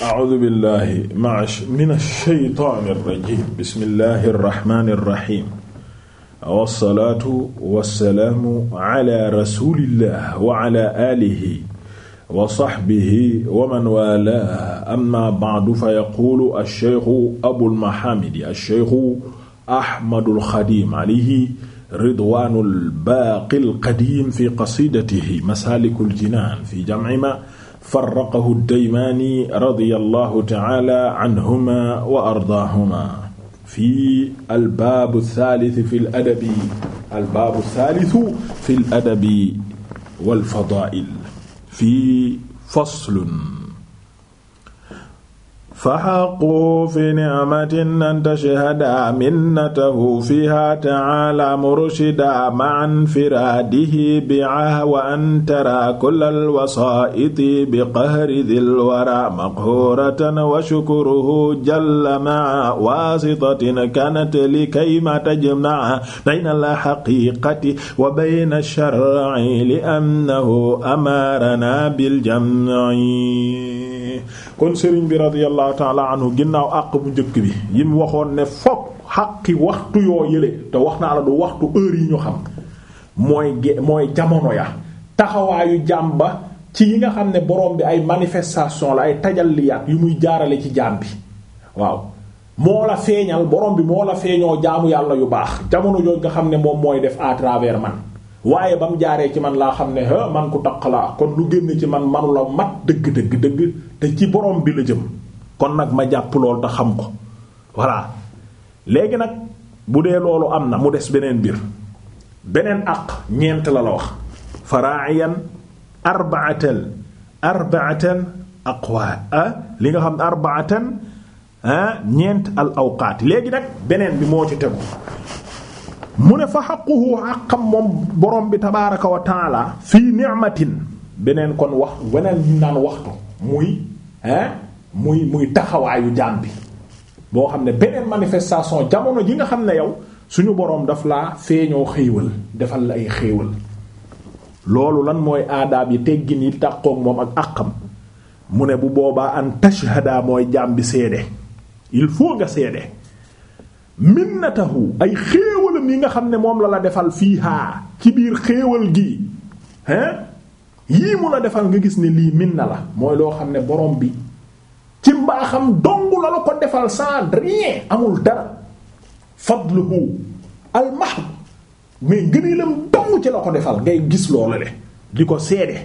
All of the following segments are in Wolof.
a'uuzu billaahi mina shaytaani rajiim bismillaahi rahmaani rahiim wassalaatu wassalaamu ala rasuulillaah wa ala aalihi wa saxbihi wa man waalaahu amma ba'du fa yaquulu ash-shaykhu abul mahaamidi ash-shaykhu ahmadul xadiim alayhi ridwaanul baaqil qadiim fi qasiidatihi masaalikul jinaan fi jam'i maa farraqahu ad-Daymaani radiyallahu ta'ala anhuma wa ardaahuma fii albaabu saalisu fil adabi albaabu saalisu fil adabi wal fadaa'il fii faslun fa xaquhu fi nicmatin an tashhada minnatahu fiha taala murshida ma anfiraadihi biah wa an tara kulla alwasaa'iti biqahri dhil wara maqhuratan wa shukruhu jalla maa waasitatin kanat likay ma tajmaca bayna alxaqiiqati wa bayna alsharci li annahu amaarana biljamci kon sëriñ bi radiyallahu taala anhu ginnaaw àq bu njëkk bi yim waxoon ne fokk xaqi waxtu yoo yële te wax naa la du waxtu heure yi ñu xam mooy ge mooy jamono ya taxawaayu jàmba ci yi nga xam ne borom bi ay manifestation la ay tajalliyaat yu muy jaarale ci jaam bi waaw moo la feeñal borom bi moo la feeñoo jaamu yàlla yu baax jamono yooyu nga xam ne moom mooy def à travers man waaye ba mu jaaree ci man laa xam ne ha man ku taq laa kon lu génn ci man manula mat dëgg dëgg dëgg te ci borom bi la jëm kon nag ma jàpp lool te xam ko voilà léegi nag bu dee loolu am na mu des beneen mbir beneen aq ñeent la la wax faraayan arbaatan arbaatan aqwa ah, li nga xam ne arbaatan ah, ñeent al awqaat léegi nag beneen bi moo ci tegu mu ne fa xaquhu àqam moom borom bi tabaaraka wa taala fii ni'matin beneen kon wax beneen ñu naan waxtu muy muy muy taxawaayu jaam bi boo xam ne beneen manifestation jamono ji nga xam ne yow suñu boroom daf laa feeñoo xéewal defal la ay xéewal loolu lan mooy aadaab yi teggi yi tàqoog moom ak àqam mu ne bu boobaa an tashhada mooy jaam bi seede il faut nga seede minnatahu ay xéewalam yi nga xam ne moom la la defal fiihaa ci biir xéewal gi hein yii mu la defal nga gis ne lii minna la mooy loo xam ne borom bi ci mbaaxam dong la la ko defal sans rien amul dara fadluhu al mahd mais ngëneelam dong ci la ko defal ngay gis loola le di ko seede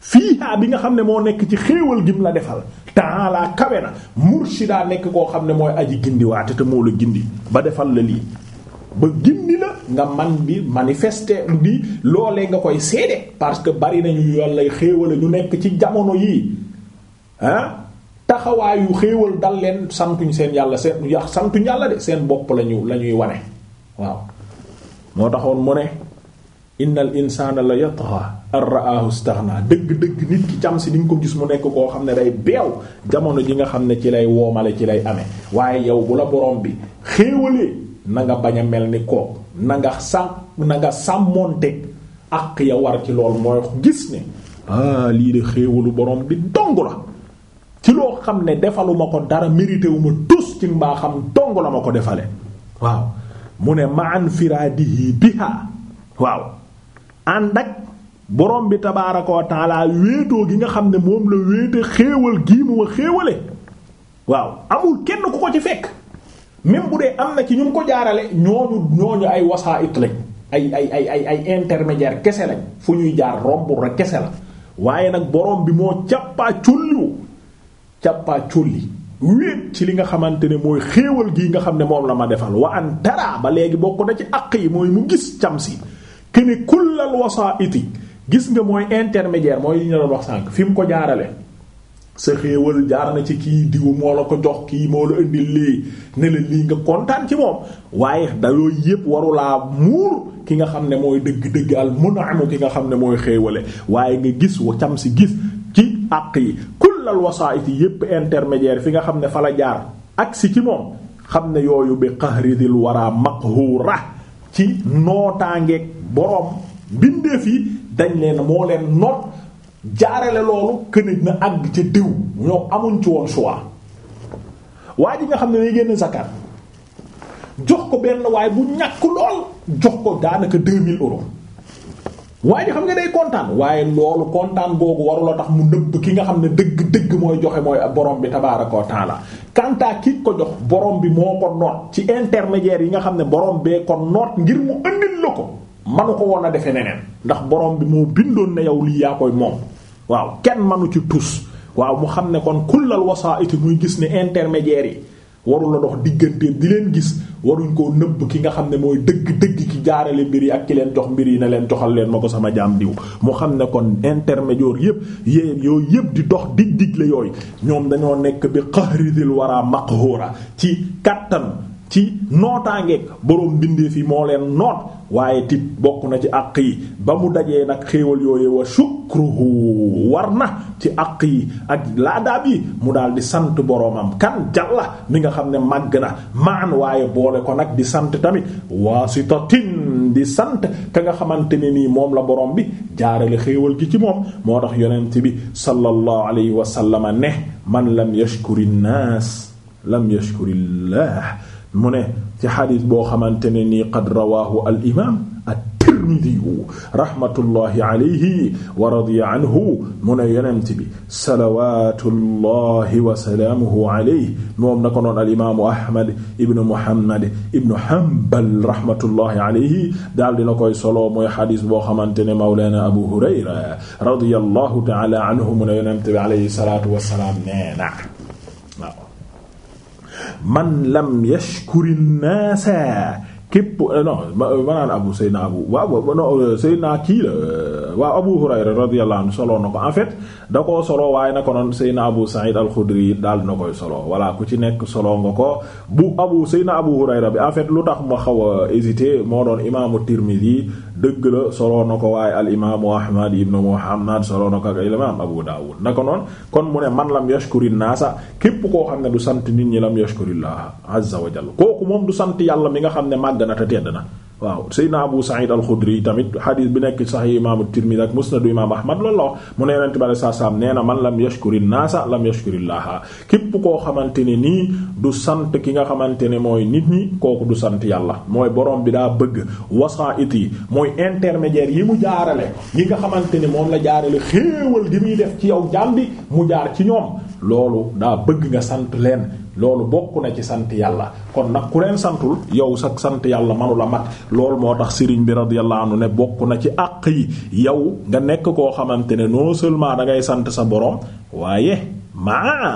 fiihaa bi nga xam ne moo nekk ci xéewal gi mu la defal taala kawe na murshida nekk koo xam ne mooy aji gindiwaate te moo la gindi ba defal la lii ba gindi la nga man bi manifester di loole nga koy seede parce que bari nañu yàlla xéewale ñu nekk ci jamono yii ah taxawaayu xéewal dal leen santuñ seen yàlla seen yax santuñ yàlla de seen bopp lañu la ñuy wane waaw moo taxoon mu ne innal insaana la yatgha ar ra'ahu istaghna dëgg-dëgg nit ki cam si di nga ko gis mu nekk koo xam ne day beew jamono ji nga xam ne ci lay woomale ci lay ame waaye yow bu la borom bi xéewalee na nga bañ a mel ni ko na nga sàm na nga sàmmoonteeg ak ya war ci lool mooy gis ne ah lii de xéewalu borom bi dong la ci loo xam ne defaluma ko dara mérité wu ma tus ci mbaaxam dong la ma ko defale waaw mu ne ma an firaadihi biha waaw ànd borom bi tabaaraka wa taala wéetoo gi nga xam ne moom la wéete xéewal gii mu ma xéewale waaw amul kenn ku ko ci fekk même bu dee am na ci ñu mu ko jaarale ñooñu ñooñu ay wasaa lañ ay ay ay ay ay intermédiaire kese lañ fu ñuy jaar rombul rek kese la waaye nag borom bi moo càppaa colliwu càppaa colli wéet ci li nga xamante ne mooy xéewal gii nga xam ne moom la ma defal wa an ba léegi bokk na ci àq yi mooy mu gis cam si que ni kullal wasaa'iti gis nga mooy intermédiaire mooy li ñu doon wax sànq fi mu ko jaarale sa xéewal jaar na ci kii diwu moo la ko jox kii moo la indi lii ne la lii nga kontaan ci moom waaye da yooyu yépp warulaa muur ki nga xam ne mooy dëgg-dëgg al mun'am ki nga xam ne mooy xéewale waaye nga gis wa cam si gis ci àq yi kullal wasaa'iti yépp intermédiaire fi nga xam ne fa la jaar agsi ci moom xam ne yooyu bi qahri dil wara maqhura ci nootaangeeg boroom mbindeef yi dañ leen moo leen noot jaarale loolu kënit na àgg ca diw ñoom amuñ ci woon choix waa ji nga xam ne day génn zakat jox ko benn waaye bu ñàkk lool jox ko daanaka deux mille euros waaye ji xam nga day kontaan waaye loolu kontaan boobu googu warula tax mu nëbb ki nga xam ne dëgg dëgg mooy joxe mooy ak borom bi tabaaraka wa taala kanta ki ko jox boroom bi moo ko noot ci intermédiaire yi nga xam ne borom bee kon noot ngir mu ëndil la ko manu ko woon a defee neneen ndax borom bi moo bindoon ne yow lii yaa koy moom waaw kenn manu ci tus waaw mu xam ne kon kullal wasaa'iti muy gis ne intermédiaire yi warul la dox digganteem di leen gis waruñ koo nëbb ki nga xam ne mooy dëgg-dëgg ki jaarale mbir yi ak ki leen jox mbir yi ne leen joxal leen ma ko sama jaam diw mu xam ne kon intermédiaire yëpp yée yooyu yëpp di dox dig dig la yooyu ñoom dañoo nekk bi qahridil wara maqhura ci kàttan ci nootaangeeg boroom bindee fi moo leen noot waaye tit bokk na ci àq yi ba mu dajee nag xéewal yooye wa shukruhu war na ci àq yi ak laadaab yi mu daal di sant boroomam kan jàlla mi nga xam ne màgg na maan waaye boole ko nag di sant tamit waasitatin di sant ka nga xamante ne nii moom la boroom bi jaarale xéewal ji ci moom moo tax yonent bi sallallahu alayhi wa sallama ne man lam yashkuri nnaas lam yashkuri llah mu ne ci xadis boo xamante ne nii qad rawaahu al imaam at-Tirmidi rahmatullahi alayhi wa radiya anhu mu ne yonent bi salawaatullahi wa salaamuhu alayhi moom na ko noon al imaamu Ahmad ibn Muhammad ibn Hanbal rahmatullahi alayhi daal dina koy solo mooy xadis boo xamante ne mawlaana Abu Hurayra radiyallahu ta'ala anhu mu ne yonent bi alayhi salaatu wa salaam nee na man lam yashkurin naasa képp euh, non euh, ma naan abu Seydina abu waaw non euh, Seydina kii la waaw Abu Hurayra radiyallahu anhu soloo na ko en fait da koo solo waaye na ko noon Seydina Abu Sa'id al daal na koy solo voilà ku ci nekk solo nga ko bu abu Seydina Abu Hurayra bi en fait lu tax ma xaw a hésité moo doon imaamu Tirmidhi dëgg la solo na ko waaye al imaamu Ahmad ibn Muhammad solo na ko ak imaam Abu Dawud na ko noon kon mu ne man lam yashkurin naasa képp koo xam ne du sant nit ñi la yashkurillah azza wa kooku moom du màgg na te tedd na waaw Seydina Abu Sa'id al-Khudri tamit xadiis bi nekk Sahih imaamu Tirmidhi ak Musnad imaam Ahmad loolu la wax mu ne Yonent bi sallallahu alayhi wasallam na man lam yashkuri naasa lam yashkuri Allaha képp koo xamante ne nii du sant ki nga xamante ne mooy nit ñi kooku du sant yàlla mooy borom bi daa bëgg wasaa'it yi mooy intermédiaire yi mu jaarale yi nga xamante ne moom la jaarale xéewal gi muy def ci yow jaam bi mu jaar ci ñoom loolu daa bëgg nga sant leen loolu bokk na ci sant yàlla kon nag ku leen santul yow sax sant yàlla manu mat loolu moo tax sëriñ bi radiyallahu anhu ne bokk na ci àq yi yow nga nekk koo xamante ne noo seulement da ngay sant sa borom waaye maa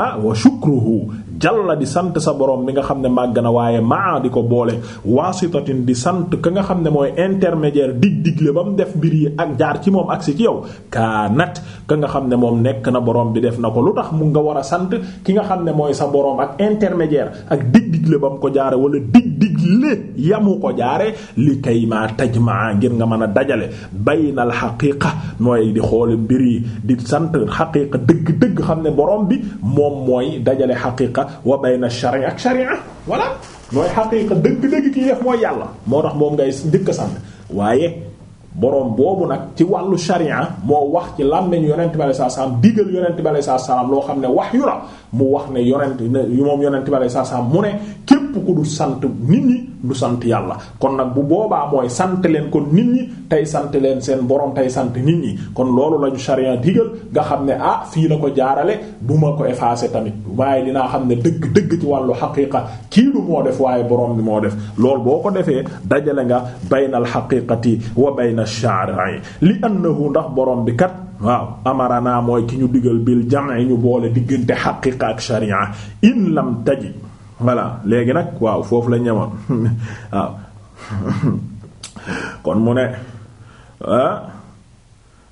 ah wa shukruhu jalla di sant sa borom bi nga xam ne màgg na waaye maa di ko boole waasitatin di sant ka nga xam ne mooy intermédiaire dig digle ba mu def mbir yi ak jaar ci moom agsi ci yow kaanat ka nga xam ne moom nekk na borom bi def na ko lu tax mu nga war a sant ki nga xam ne mooy sa borom ak intermédiaire ak dig digle ba mu ko jaare wala dig digle yamu ko jaare li kay maa tajmaa ngir nga mën a dajale baynal xaqiiqa mooy di xoole mbir yi di sant xaqiiqa dëgg xam ne borom bi moom mooy dajale xaqiiqa xaqiqa wa bayna shari ak sharia voilà mooy xaqiqa dëgg-dëgg ki def mooy yàlla moo tax moom ngay njëkk a waaye boroom boobu nag ci wàllu sharia moo wax ci làmmiñu yonent bi sallallahu alayhi wasallam digal yonent bi sallallahu alayhi wasallam loo xam ne wahyu la mu wax ne yonent ne moom yonent bi saa saa mu ne képp ku du sant nit ñi du sant yàlla kon nag bu boobaa mooy sant leen kon nit ñi tey sant leen seen borom tey sant nit ñi kon loolu lañu sharia digal nga xam ne ah fii la ko jaarale bu ma ko effacer tamit waaye dinaa xam ne dëgg dëgg ci wàllu xaqiiqa kii du moo def waaye boroom bi moo def loolu boo ko defee dajale nga baynal xaqiiqati wa bayna ash-sha'ri li annahu ndax borom bi kat waaw amarana mooy ki ñu digal bil jam'i ñu boole diggante xaqiqa ak sharia in lam taji voilà léegi nag waaw foofu la ñemoon waaw kon mu ne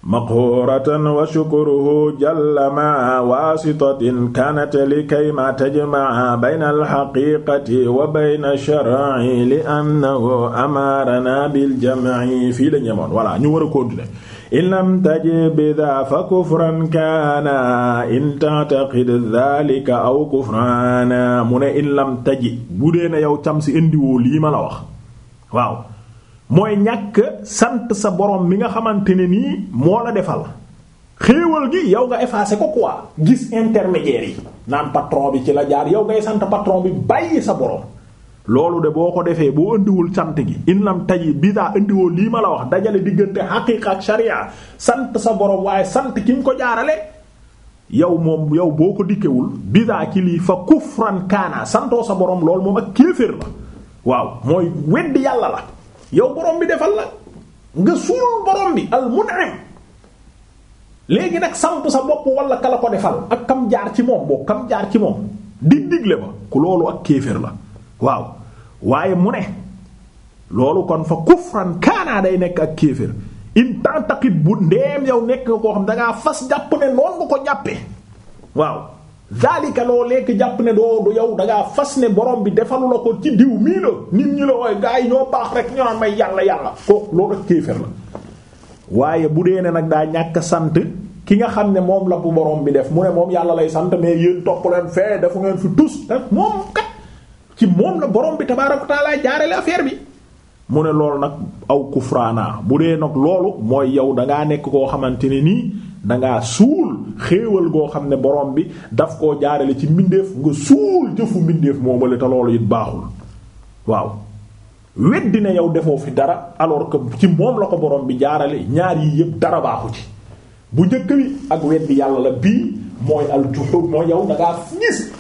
maqhuratan wa shukruhu jalla ma wasitatin kanat likay ma tajmaa bayna alxaqiqati wa bayna shar'i li annahu amarana bil jam'i fii la ñemoon voilà ñu war a continuer in lam tajib bi daa fa kufran kaana in ta'taqid dhalika aw kufraana mu ne in lam taji bu dee ne yow cam si indiwoo lii ma la wax waaw mooy ñàkk sant sa borom mi nga xamante ne nii moo la defal xéewal gi yow nga effacé ko quoi gis intermédiaire yi naan patron bi ci la jaar yow ngay sant patron bi bàyyi sa borom loolu de boo ko defee boo indiwul sant gi in lam taji bidaa indiwoo lii ma la wax dajale diggante xaqiiqa ak sharia sant sa borom waaye sant ki nga ko jaarale yow moom yow boo ko dikkewul bidaa ci lii fa kufran santoo sa borom loolu moom ak kéeféer la waaw mooy weddi yàlla la yow borom bi defal la nga suul borom bi al léegi nag samp sa bopp walla kala ko defal ak kam jaar ci moom boo kam jaar ci moom di digle ba ku loolu ak kéeféer la waaw waaye mu ne loolu kon fa kufran kaanaa day nekk ak kéefër in tantaqib bu ndeem yow nekk nga koo xam ne dangaa fas jàpp ne ko jàppee waaw lekk jàpp ne doo du yow dangaa fas ne borom bi defalu la ko ci diw mii nit ñi la waaye gaa yi ñoo baax rek ñoo may yàlla yàlla kooku loolu ak kéefër la waaye bu dee ne nag daa ñàkk sant ki nga xam ne moom la bu borom bi def mu ne moom yàlla lay sant mais yéen topp leen fee dafa ngeen fi tus te eh, moom kat ci moom la borom bi tabaaraka jaarale affaire bi mu ne loolu nag aw kufraana bu dee nag loolu mooy yow da nekk koo xamante ne nii da ngaa suul xéewal goo xam ne borom bi daf koo jaarale ci mbindeef nga suul jëfu mbindeef moomale baaxul waaw. weddi yow defoo fi dara alors que ci moom bi jaarale ñaar yii yépp dara baaxu ci bu njëkk bi ak weddi al juhud mooy yow da ngaa gis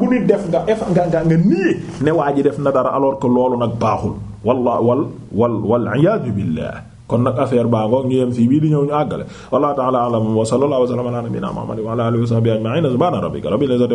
bu nit def nga ef nga nga nga nii ne waa ji def na dara alors que loolu nag baaxul walla wal wal wal iyaadu billah kon nag affaire baa ngoog ñu yem fii bii di ñëw ñu àggale wallahu ta'ala a'lam wa sallallahu wa sallama ala nabiyyina muhammadin wa ala alihi wa sahbihi ajma'in subhana rabbika rabbil